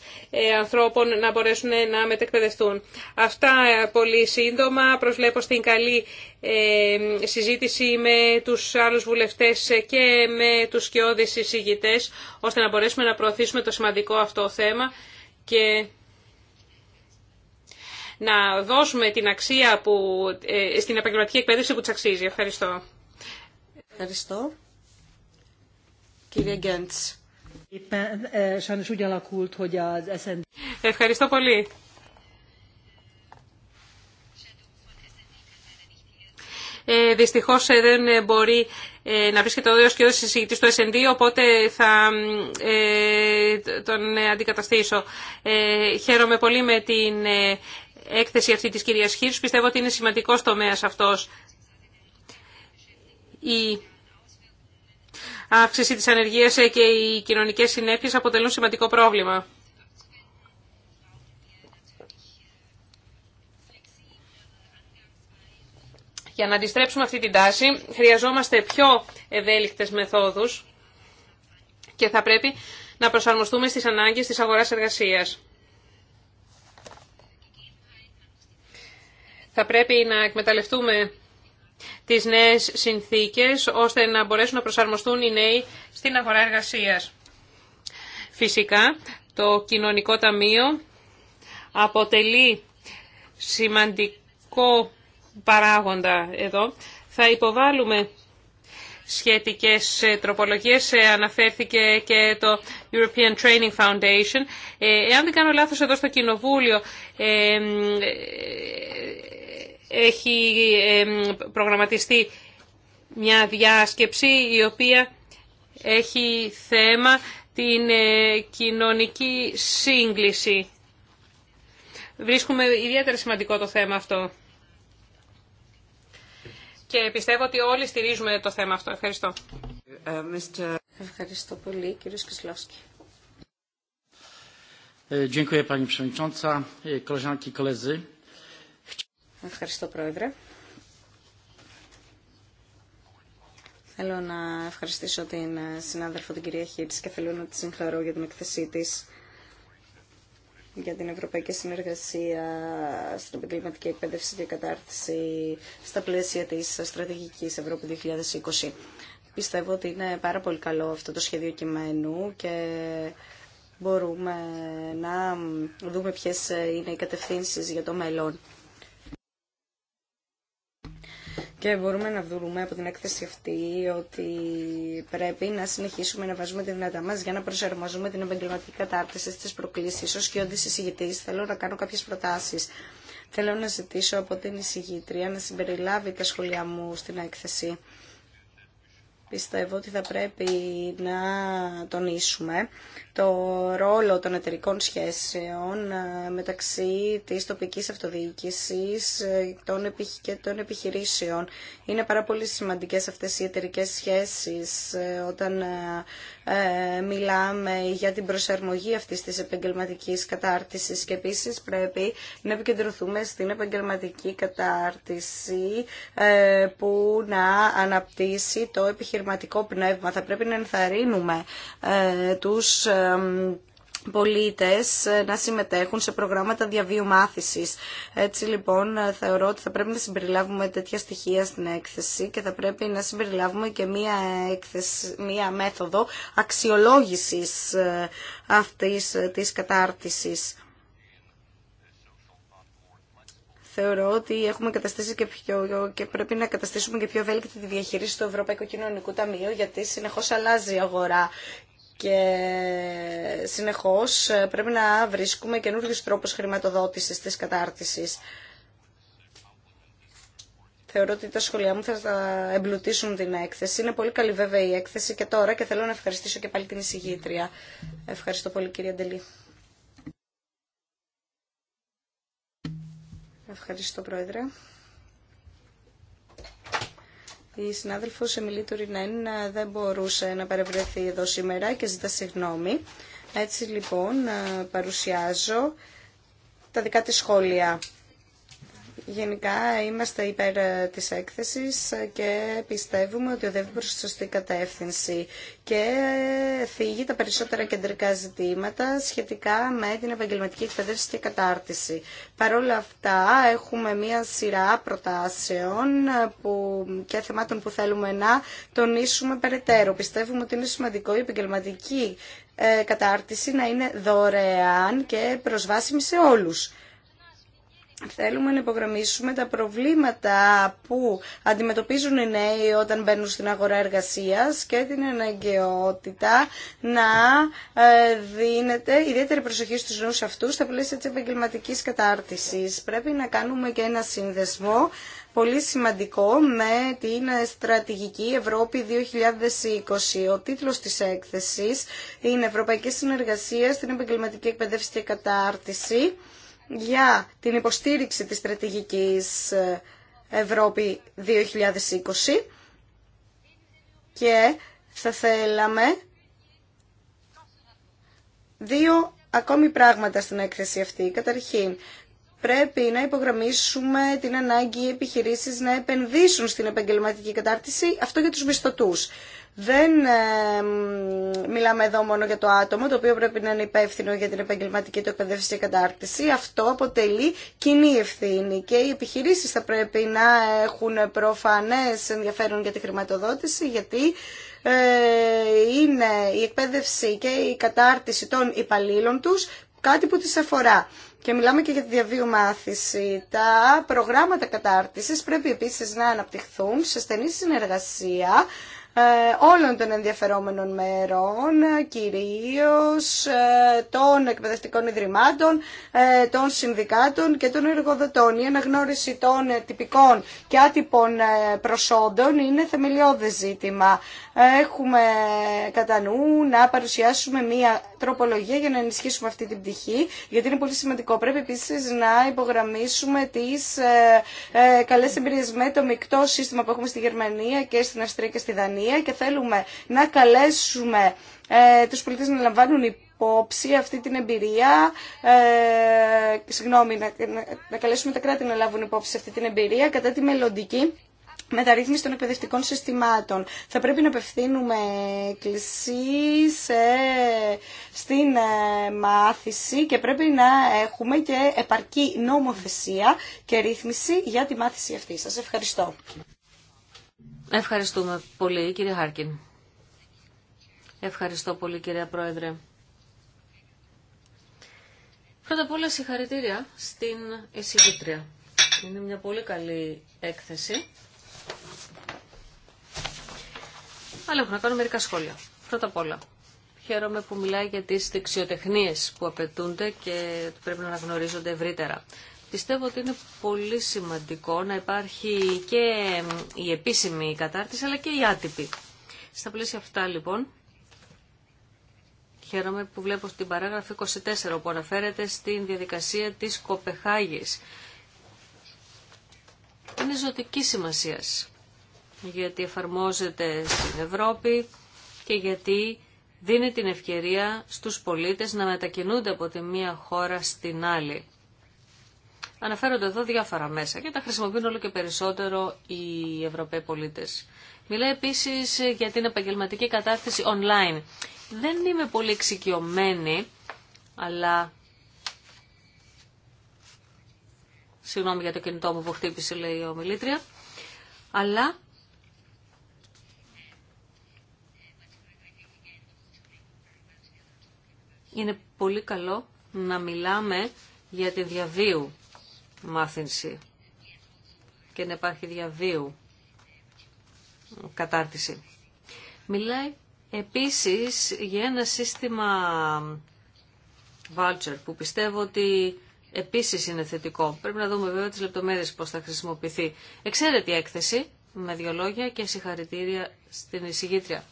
ανθρώπων να μπορέσουν να μετεκπαιδευτούν. Αυτά πολύ σύντομα. Προσβλέπω στην καλή συζήτηση με τους άλλους βουλευτές και με τους σκιώδεις συζητητές, ώστε να μπορέσουμε να προωθήσουμε το σημαντικό αυτό θέμα και να δώσουμε την αξία που, στην επαγγελματική εκπαίδευση που της αξίζει. Ευχαριστώ. Ευχαριστώ. Κύριε Γκέντς. Ευχαριστώ πολύ. Ε, δυστυχώς ε, δεν μπορεί ε, να βρίσκεται ο και ο συζητητής του S&D, οπότε θα ε, τον αντικαταστήσω. Ε, χαίρομαι πολύ με την ε, έκθεση αυτή της κυρίας Χίρς. Πιστεύω ότι είναι σημαντικός τομέας αυτός. Η αύξηση της ανεργίας και οι κοινωνικές συνέπειες αποτελούν σημαντικό πρόβλημα. Για να αντιστρέψουμε αυτή την τάση χρειαζόμαστε πιο ευέλικτες μεθόδους και θα πρέπει να προσαρμοστούμε στις ανάγκες της αγοράς εργασίας. Θα πρέπει να εκμεταλλευτούμε τις νέες συνθήκες ώστε να μπορέσουν να προσαρμοστούν οι νέοι στην αγορά εργασίας. Φυσικά, το κοινωνικό ταμείο αποτελεί σημαντικό παράγοντα εδώ. Θα υποβάλουμε σχετικές ε, τροπολογίες. Ε, αναφέρθηκε και το European Training Foundation. Ε, εάν δεν κάνω λάθος εδώ στο Κοινοβούλιο, έχει προγραμματιστεί μια διάσκεψη η οποία έχει θέμα την ε, κοινωνική σύγκληση. Βρίσκουμε ιδιαίτερα σημαντικό το θέμα αυτό. Και πιστεύω ότι όλοι στηρίζουμε το θέμα αυτό. Ευχαριστώ. Ε, ε, ευχαριστώ πολύ, κύριος ευχαριστώ Ευχαριστώ, κύριε Κυρίε Ευχαριστώ, Πρόεδρε. Θέλω να ευχαριστήσω την ε, συνάδελφο την κυρία Χίτς και θέλω να τη συγχαρώ για την εκθεσή της για την ευρωπαϊκή συνεργασία στην επαγγελματική εκπαίδευση και κατάρτιση στα πλαίσια της στρατηγικής Ευρώπη 2020. Πιστεύω ότι είναι πάρα πολύ καλό αυτό το σχέδιο κειμένου και μπορούμε να δούμε ποιες ε, είναι οι κατευθύνσεις για το μέλλον. Και μπορούμε να δούμε από την έκθεση αυτή ότι πρέπει να συνεχίσουμε να βάζουμε τη δυνατά μα για να προσαρμόζουμε την επαγγελματική κατάρτιση στι προκλήσει. Ω και όντι εισηγητή, θέλω να κάνω κάποιε προτάσει. Θέλω να ζητήσω από την εισηγήτρια να συμπεριλάβει τα σχόλια μου στην έκθεση πιστεύω ότι θα πρέπει να τονίσουμε το ρόλο των εταιρικών σχέσεων ε, μεταξύ της τοπικής αυτοδιοίκησης ε, και των επιχειρήσεων. Είναι πάρα πολύ σημαντικές αυτές οι εταιρικέ σχέσεις ε, όταν μιλάμε για την προσαρμογή αυτής της επαγγελματικής κατάρτισης και επίσης πρέπει να επικεντρωθούμε στην επαγγελματική κατάρτιση που να αναπτύσσει το επιχειρηματικό πνεύμα. Θα πρέπει να ενθαρρύνουμε ε, τους πολίτες ε, να συμμετέχουν σε προγράμματα διαβίου μάθησης. Έτσι λοιπόν ε, θεωρώ ότι θα πρέπει να συμπεριλάβουμε τέτοια στοιχεία στην έκθεση και θα πρέπει να συμπεριλάβουμε και μία, έκθεση, μία μέθοδο αξιολόγησης αυτής της κατάρτισης. θεωρώ ότι έχουμε καταστήσει και πιο, και πρέπει να καταστήσουμε και πιο ευέλικτη τη διαχείριση του Ευρωπαϊκού Κοινωνικού Ταμείου, γιατί συνεχώς αλλάζει η αγορά και συνεχώς ε, πρέπει να βρίσκουμε καινούργιους τρόπους χρηματοδότησης της κατάρτισης. Θεωρώ ότι τα σχολεία μου θα εμπλουτίσουν την έκθεση. Είναι πολύ καλή βέβαια η έκθεση και τώρα και θέλω να ευχαριστήσω και πάλι την εισηγήτρια. Ευχαριστώ πολύ κύριε Ντελή. Ευχαριστώ, Πρόεδρε. Η συνάδελφος Εμιλή Τουρινέν ε, δεν μπορούσε να παρευρεθεί εδώ σήμερα και ζητά συγγνώμη. Έτσι λοιπόν ε, παρουσιάζω τα δικά της σχόλια Γενικά είμαστε υπέρ ε, της έκθεσης και πιστεύουμε ότι οδεύει προς τη σωστή κατεύθυνση και θίγει τα περισσότερα κεντρικά ζητήματα σχετικά με την επαγγελματική εκπαίδευση και κατάρτιση. Παρ' όλα αυτά έχουμε μία σειρά προτάσεων ε, που, και θεμάτων που θέλουμε να τονίσουμε περαιτέρω. Πιστεύουμε ότι είναι σημαντικό η επαγγελματική ε, κατάρτιση να είναι δωρεάν και προσβάσιμη σε όλους. Θέλουμε να υπογραμμίσουμε τα προβλήματα που αντιμετωπίζουν οι νέοι όταν μπαίνουν στην αγορά εργασίας και την αναγκαιότητα να ε, δίνεται ιδιαίτερη προσοχή στους νέους αυτούς στα πλαίσια της επαγγελματική κατάρτισης. Πρέπει να κάνουμε και ένα σύνδεσμο πολύ σημαντικό με την στρατηγική Ευρώπη 2020. Ο τίτλος της έκθεσης είναι «Ευρωπαϊκή συνεργασία στην επαγγελματική εκπαιδεύση και κατάρτιση» για την υποστήριξη της στρατηγικής ε, Ευρώπη 2020 και θα θέλαμε δύο ακόμη πράγματα στην έκθεση αυτή. Καταρχήν, πρέπει να υπογραμμίσουμε την ανάγκη οι επιχειρήσεις να επενδύσουν στην επαγγελματική κατάρτιση, αυτό για τους μισθωτούς. Δεν μιλάμε εδώ μόνο για το άτομο, το οποίο πρέπει να είναι υπεύθυνο για την επαγγελματική του εκπαίδευση και κατάρτιση. Αυτό αποτελεί κοινή ευθύνη και οι επιχειρήσεις θα πρέπει να έχουν προφανές ενδιαφέρον για τη χρηματοδότηση, γιατί ε, είναι η εκπαίδευση και η κατάρτιση των υπαλλήλων τους κάτι που τις αφορά. Και μιλάμε και για τη διαβίου μάθηση. Τα προγράμματα κατάρτισης πρέπει επίσης να αναπτυχθούν σε στενή συνεργασία ε, όλων των ενδιαφερόμενων μέρων, ε, κυρίως ε, των εκπαιδευτικών ιδρυμάτων, των συνδικάτων και των εργοδοτών. Η αναγνώριση των τυπικών και άτυπων προσόντων είναι θεμελιώδες ζήτημα έχουμε κατά νου να παρουσιάσουμε μία τροπολογία για να ενισχύσουμε αυτή την πτυχή, γιατί είναι πολύ σημαντικό. Πρέπει επίσης να υπογραμμίσουμε τις καλέ ε, ε, καλές με το μεικτό σύστημα που έχουμε στη Γερμανία και στην Αυστρία και στη Δανία και θέλουμε να καλέσουμε του ε, τους πολίτες να λαμβάνουν υπόψη αυτή την εμπειρία, ε, συγγνώμη, να, να καλέσουμε τα κράτη να λάβουν υπόψη αυτή την εμπειρία κατά τη μελλοντική μεταρρύθμιση των εκπαιδευτικών συστημάτων. Θα πρέπει να απευθύνουμε κλεισί σε, στην ε, μάθηση και πρέπει να έχουμε και επαρκή νομοθεσία και ρύθμιση για τη μάθηση αυτή. Σας ευχαριστώ. Ευχαριστούμε πολύ κύριε Χάρκιν. Ευχαριστώ πολύ κυρία Πρόεδρε. Πρώτα απ' όλα συγχαρητήρια στην εισηγήτρια. Είναι μια πολύ καλή έκθεση αλλά έχω να κάνω μερικά σχόλια. Πρώτα απ' όλα, χαίρομαι που μιλάει για τις δεξιοτεχνίες που απαιτούνται και πρέπει να αναγνωρίζονται ευρύτερα. Πιστεύω ότι είναι πολύ σημαντικό να υπάρχει και η επίσημη κατάρτιση αλλά και η άτυπη. Στα πλαίσια αυτά λοιπόν, χαίρομαι που βλέπω στην παράγραφη 24 που αναφέρεται στην διαδικασία της Κοπεχάγης. Είναι ζωτική σημασίας γιατί εφαρμόζεται στην Ευρώπη και γιατί δίνει την ευκαιρία στους πολίτες να μετακινούνται από τη μία χώρα στην άλλη. Αναφέρονται εδώ διάφορα μέσα και τα χρησιμοποιούν όλο και περισσότερο οι Ευρωπαίοι πολίτες. Μιλάει επίσης για την επαγγελματική κατάρτιση online. Δεν είμαι πολύ εξοικειωμένη, αλλά... Συγγνώμη για το κινητό μου που χτύπησε, λέει η ομιλήτρια. Αλλά είναι πολύ καλό να μιλάμε για τη διαβίου μάθηση και να υπάρχει διαβίου κατάρτιση. Μιλάει επίσης για ένα σύστημα voucher που πιστεύω ότι επίσης είναι θετικό. Πρέπει να δούμε βέβαια τις λεπτομέρειες πώς θα χρησιμοποιηθεί. Εξαίρετη έκθεση με δύο λόγια και συγχαρητήρια στην εισηγήτρια.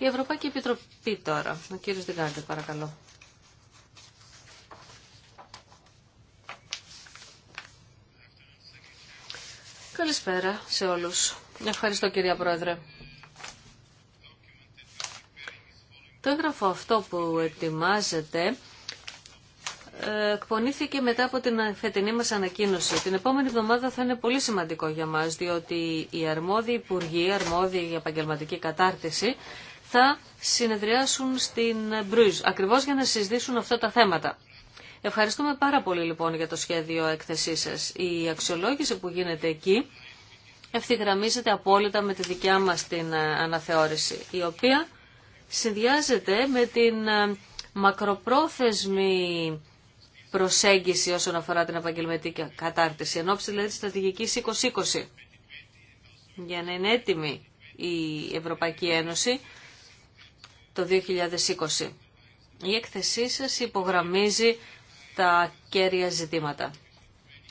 Η Ευρωπαϊκή Επιτροπή τώρα. Ο κύριος Δηγάντε, παρακαλώ. Καλησπέρα σε όλους. Ευχαριστώ κυρία Πρόεδρε. Το έγγραφο αυτό που ετοιμάζεται ε, εκπονήθηκε μετά από την φετινή μας ανακοίνωση. Την επόμενη εβδομάδα θα είναι πολύ σημαντικό για μας, διότι η αρμόδιοι υπουργοί, αρμόδιοι για επαγγελματική κατάρτιση, θα συνεδριάσουν στην Μπρουζ, ακριβώς για να συζητήσουν αυτά τα θέματα. Ευχαριστούμε πάρα πολύ λοιπόν για το σχέδιο έκθεσή σας. Η αξιολόγηση που γίνεται εκεί ευθυγραμμίζεται απόλυτα με τη δικιά μας την ε, αναθεώρηση, η οποία συνδυάζεται με την ε, μακροπρόθεσμη προσέγγιση όσον αφορά την επαγγελματική κατάρτιση, εν ώψη δηλαδή στρατηγικής 2020, για να είναι έτοιμη η Ευρωπαϊκή Ένωση το 2020. Η έκθεσή σας υπογραμμίζει τα κέρια ζητήματα.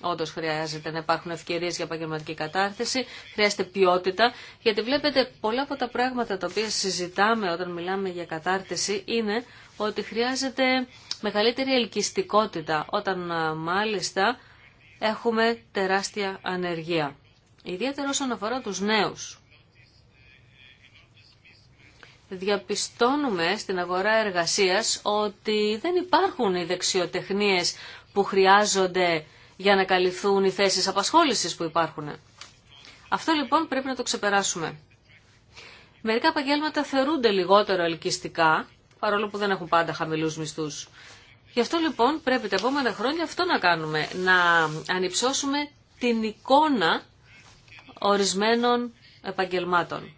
Όντω χρειάζεται να υπάρχουν ευκαιρίε για επαγγελματική κατάρτιση, χρειάζεται ποιότητα, γιατί βλέπετε πολλά από τα πράγματα τα οποία συζητάμε όταν μιλάμε για κατάρτιση είναι ότι χρειάζεται μεγαλύτερη ελκυστικότητα, όταν μάλιστα έχουμε τεράστια ανεργία. Ιδιαίτερα όσον αφορά τους νέους διαπιστώνουμε στην αγορά εργασίας ότι δεν υπάρχουν οι δεξιοτεχνίες που χρειάζονται για να καλυφθούν οι θέσεις απασχόλησης που υπάρχουν. Αυτό λοιπόν πρέπει να το ξεπεράσουμε. Μερικά επαγγέλματα θεωρούνται λιγότερο ελκυστικά, παρόλο που δεν έχουν πάντα χαμηλούς μισθούς. Γι' αυτό λοιπόν πρέπει τα επόμενα χρόνια αυτό να κάνουμε, να ανυψώσουμε την εικόνα ορισμένων επαγγελμάτων.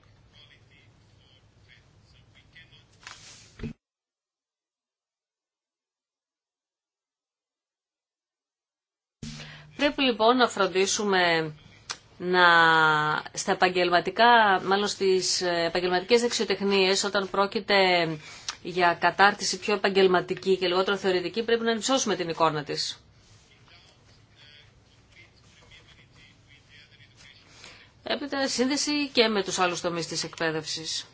Πρέπει λοιπόν να φροντίσουμε να στα επαγγελματικά, μάλλον στις ε, επαγγελματικές δεξιοτεχνίες όταν πρόκειται για κατάρτιση πιο επαγγελματική και λιγότερο θεωρητική πρέπει να ενισώσουμε την εικόνα της. Έπειτα σύνδεση και με τους άλλους τομείς της εκπαίδευσης.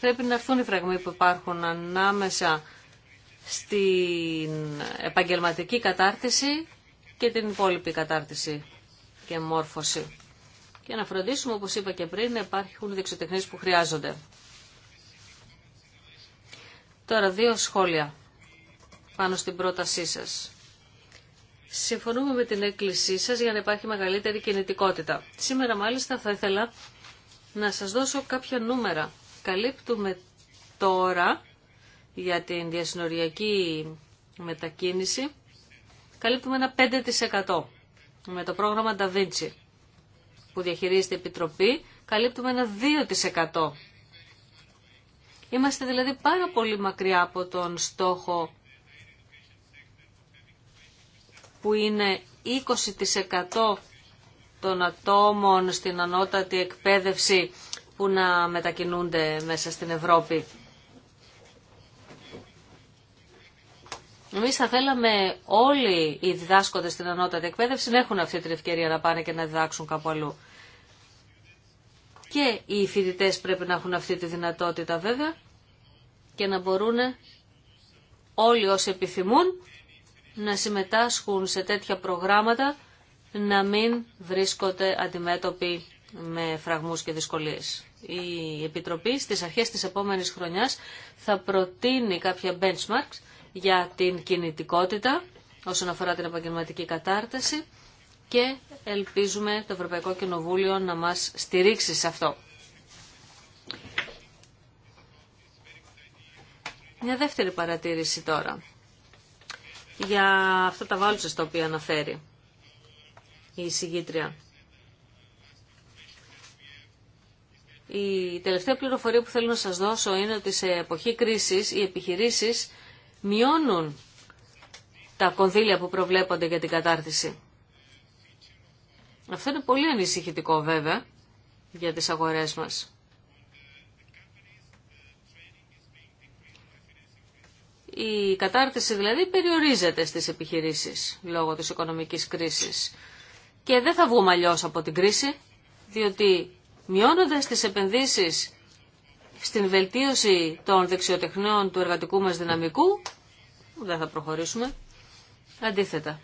Πρέπει να έρθουν οι φραγμοί που υπάρχουν ανάμεσα στην επαγγελματική κατάρτιση και την υπόλοιπη κατάρτιση και μόρφωση. Και να φροντίσουμε, όπως είπα και πριν, να υπάρχουν δεξιοτεχνίες που χρειάζονται. Τώρα δύο σχόλια πάνω στην πρότασή σας. Συμφωνούμε με την έκκλησή σας για να υπάρχει μεγαλύτερη κινητικότητα. Σήμερα μάλιστα θα ήθελα να σας δώσω κάποια νούμερα. Καλύπτουμε τώρα για την διασυνοριακή μετακίνηση καλύπτουμε ένα 5%. Με το πρόγραμμα DaVinci που διαχειρίζεται η Επιτροπή, καλύπτουμε ένα 2%. Είμαστε δηλαδή πάρα πολύ μακριά από τον στόχο που είναι 20% των ατόμων στην ανώτατη εκπαίδευση που να μετακινούνται μέσα στην Ευρώπη. Εμεί θα θέλαμε όλοι οι διδάσκοντες στην ανώτατη εκπαίδευση να έχουν αυτή την ευκαιρία να πάνε και να διδάξουν κάπου αλλού. Και οι φοιτητέ πρέπει να έχουν αυτή τη δυνατότητα βέβαια και να μπορούν όλοι όσοι επιθυμούν να συμμετάσχουν σε τέτοια προγράμματα να μην βρίσκονται αντιμέτωποι με φραγμούς και δυσκολίες. Η Επιτροπή στις αρχές της επόμενης χρονιάς θα προτείνει κάποια benchmarks για την κινητικότητα όσον αφορά την επαγγελματική κατάρτιση και ελπίζουμε το Ευρωπαϊκό Κοινοβούλιο να μας στηρίξει σε αυτό. Μια δεύτερη παρατήρηση τώρα για αυτά τα βάλουσα τα οποία αναφέρει η συγγήτρια. Η τελευταία πληροφορία που θέλω να σας δώσω είναι ότι σε εποχή κρίσης οι επιχειρήσεις μειώνουν τα κονδύλια που προβλέπονται για την κατάρτιση. Αυτό είναι πολύ ανησυχητικό βέβαια για τις αγορές μας. Η κατάρτιση δηλαδή περιορίζεται στις επιχειρήσεις λόγω της οικονομικής κρίσης. Και δεν θα βγούμε αλλιώ από την κρίση, διότι μειώνοντας τις επενδύσεις στην βελτίωση των δεξιοτεχνών του εργατικού μας δυναμικού δεν θα προχωρήσουμε. Αντίθετα.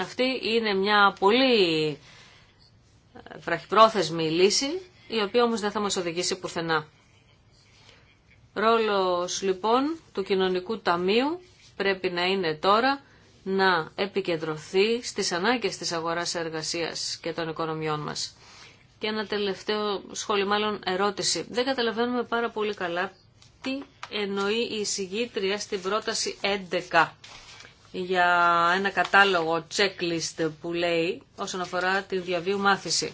Αυτή είναι μια πολύ ε, βραχυπρόθεσμη λύση, η οποία όμως δεν θα μας οδηγήσει πουθενά. Ρόλος λοιπόν του κοινωνικού ταμείου πρέπει να είναι τώρα να επικεντρωθεί στις ανάγκες της αγοράς εργασίας και των οικονομιών μας. Και ένα τελευταίο σχόλιο, μάλλον ερώτηση. Δεν καταλαβαίνουμε πάρα πολύ καλά τι εννοεί η εισηγήτρια στην πρόταση 11 για ένα κατάλογο checklist που λέει όσον αφορά τη διαβίου μάθηση.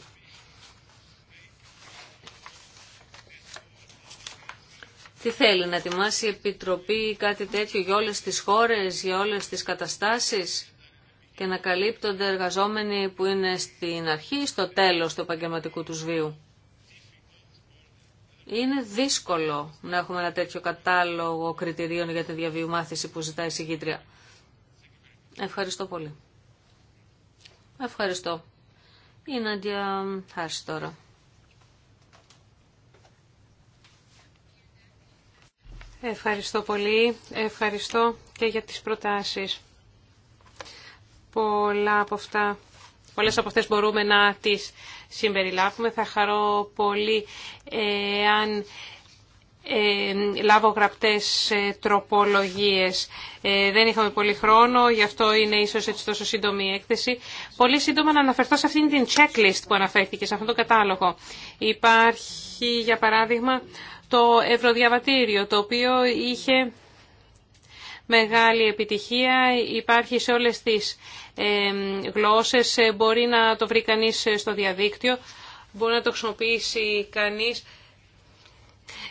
Τι θέλει να ετοιμάσει η Επιτροπή κάτι τέτοιο για όλες τις χώρες, για όλες τις καταστάσεις και να καλύπτονται εργαζόμενοι που είναι στην αρχή ή στο τέλος του επαγγελματικού τους βίου. Είναι δύσκολο να έχουμε ένα τέτοιο κατάλογο κριτηρίων για τη διαβίου που ζητάει η συγκήτρια. Ευχαριστώ πολύ. Ευχαριστώ. Η Νάντια Χάρση τώρα. Ευχαριστώ πολύ. Ευχαριστώ και για τις προτάσεις. Πολλά από αυτά, πολλές από αυτές μπορούμε να τις συμπεριλάβουμε. Θα χαρώ πολύ ε, αν ε, λάβω γραπτές ε, τροπολογίες. Ε, δεν είχαμε πολύ χρόνο, γι' αυτό είναι ίσως έτσι τόσο σύντομη η έκθεση. Πολύ σύντομα να αναφερθώ σε αυτήν την checklist που αναφέρθηκε, σε αυτόν τον κατάλογο. Υπάρχει, για παράδειγμα, το ευρωδιαβατήριο, το οποίο είχε μεγάλη επιτυχία. Υπάρχει σε όλες τις γλώσσες. Ε, μπορεί να το βρει κανείς ε, στο διαδίκτυο, μπορεί να το χρησιμοποιήσει κανείς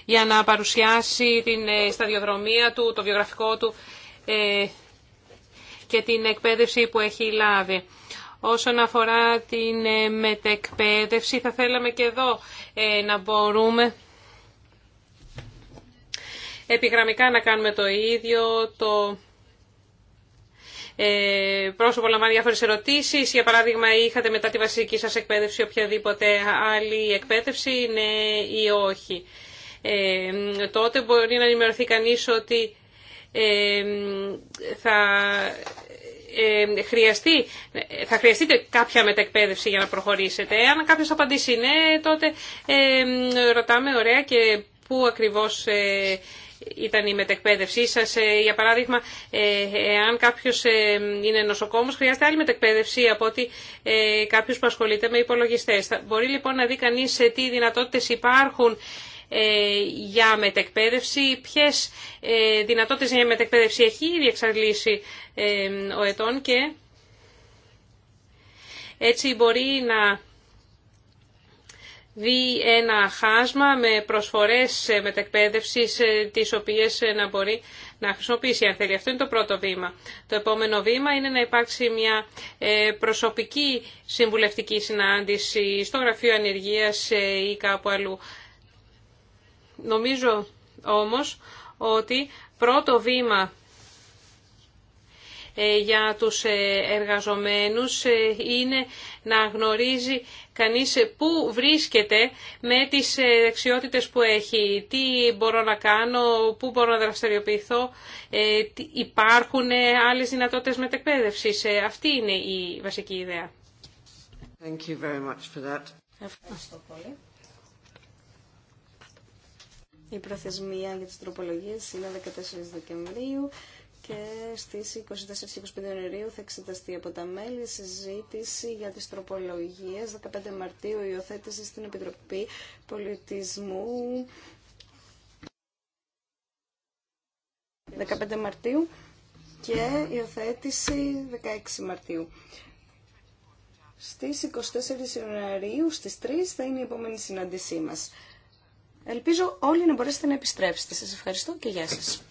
για να παρουσιάσει την ε, σταδιοδρομία του, το βιογραφικό του και την εκπαίδευση που έχει λάβει. Όσον αφορά την μετεκπαίδευση, θα θέλαμε και εδώ να μπορούμε επιγραμμικά να κάνουμε το ίδιο, το ε, πρόσωπο λαμβάνει διάφορε ερωτήσει. Για παράδειγμα, είχατε μετά τη βασική σα εκπαίδευση οποιαδήποτε άλλη εκπαίδευση, ναι ή όχι. Ε, τότε μπορεί να ενημερωθεί κανείς ότι ε, θα, ε, χρειαστεί, θα χρειαστείτε κάποια μεταεκπαίδευση για να προχωρήσετε. Αν κάποιος απαντήσει ναι, τότε ε, ρωτάμε ωραία και πού ακριβώς ήταν η μετεκπαίδευσή σας. Ε, για παράδειγμα, αν ε, κάποιος ε, είναι νοσοκόμος, χρειάζεται άλλη μετεκπαίδευση από ότι κάποιο που ασχολείται με υπολογιστές. Μπορεί λοιπόν να δει κανεί τι δυνατότητες υπάρχουν για μετεκπαίδευση, ποιες δυνατότητες για μετεκπαίδευση έχει ήδη εξαντλήσει ο ετών και έτσι μπορεί να δει ένα χάσμα με προσφορές ε, μετακπαίδευσης ε, τις οποίες ε, να μπορεί να χρησιμοποιήσει αν θέλει. Αυτό είναι το πρώτο βήμα. Το επόμενο βήμα είναι να υπάρξει μια προσωπική συμβουλευτική συνάντηση στο Γραφείο Ανεργίας ή κάπου αλλού. Νομίζω όμως ότι πρώτο βήμα ε, για τους ε, εργαζομένους ε, είναι να γνωρίζει κανείς πού βρίσκεται με τις δεξιότητες που έχει, τι μπορώ να κάνω, πού μπορώ να δραστηριοποιηθώ, υπάρχουν άλλες δυνατότητες μετεκπαίδευσης. Αυτή είναι η βασική ιδέα. Thank you very much for Ευχαριστώ πολύ. Η προθεσμία για τις τροπολογίες είναι 14 Δεκεμβρίου και στις 24-25 Ιανουαρίου θα εξεταστεί από τα μέλη συζήτηση για τις τροπολογίες 15 Μαρτίου υιοθέτηση στην Επιτροπή Πολιτισμού 15 Μαρτίου και υιοθέτηση 16 Μαρτίου. Στις 24 Ιανουαρίου στις 3 θα είναι η επόμενη συνάντησή μας. Ελπίζω όλοι να μπορέσετε να επιστρέψετε. Σας ευχαριστώ και γεια σας.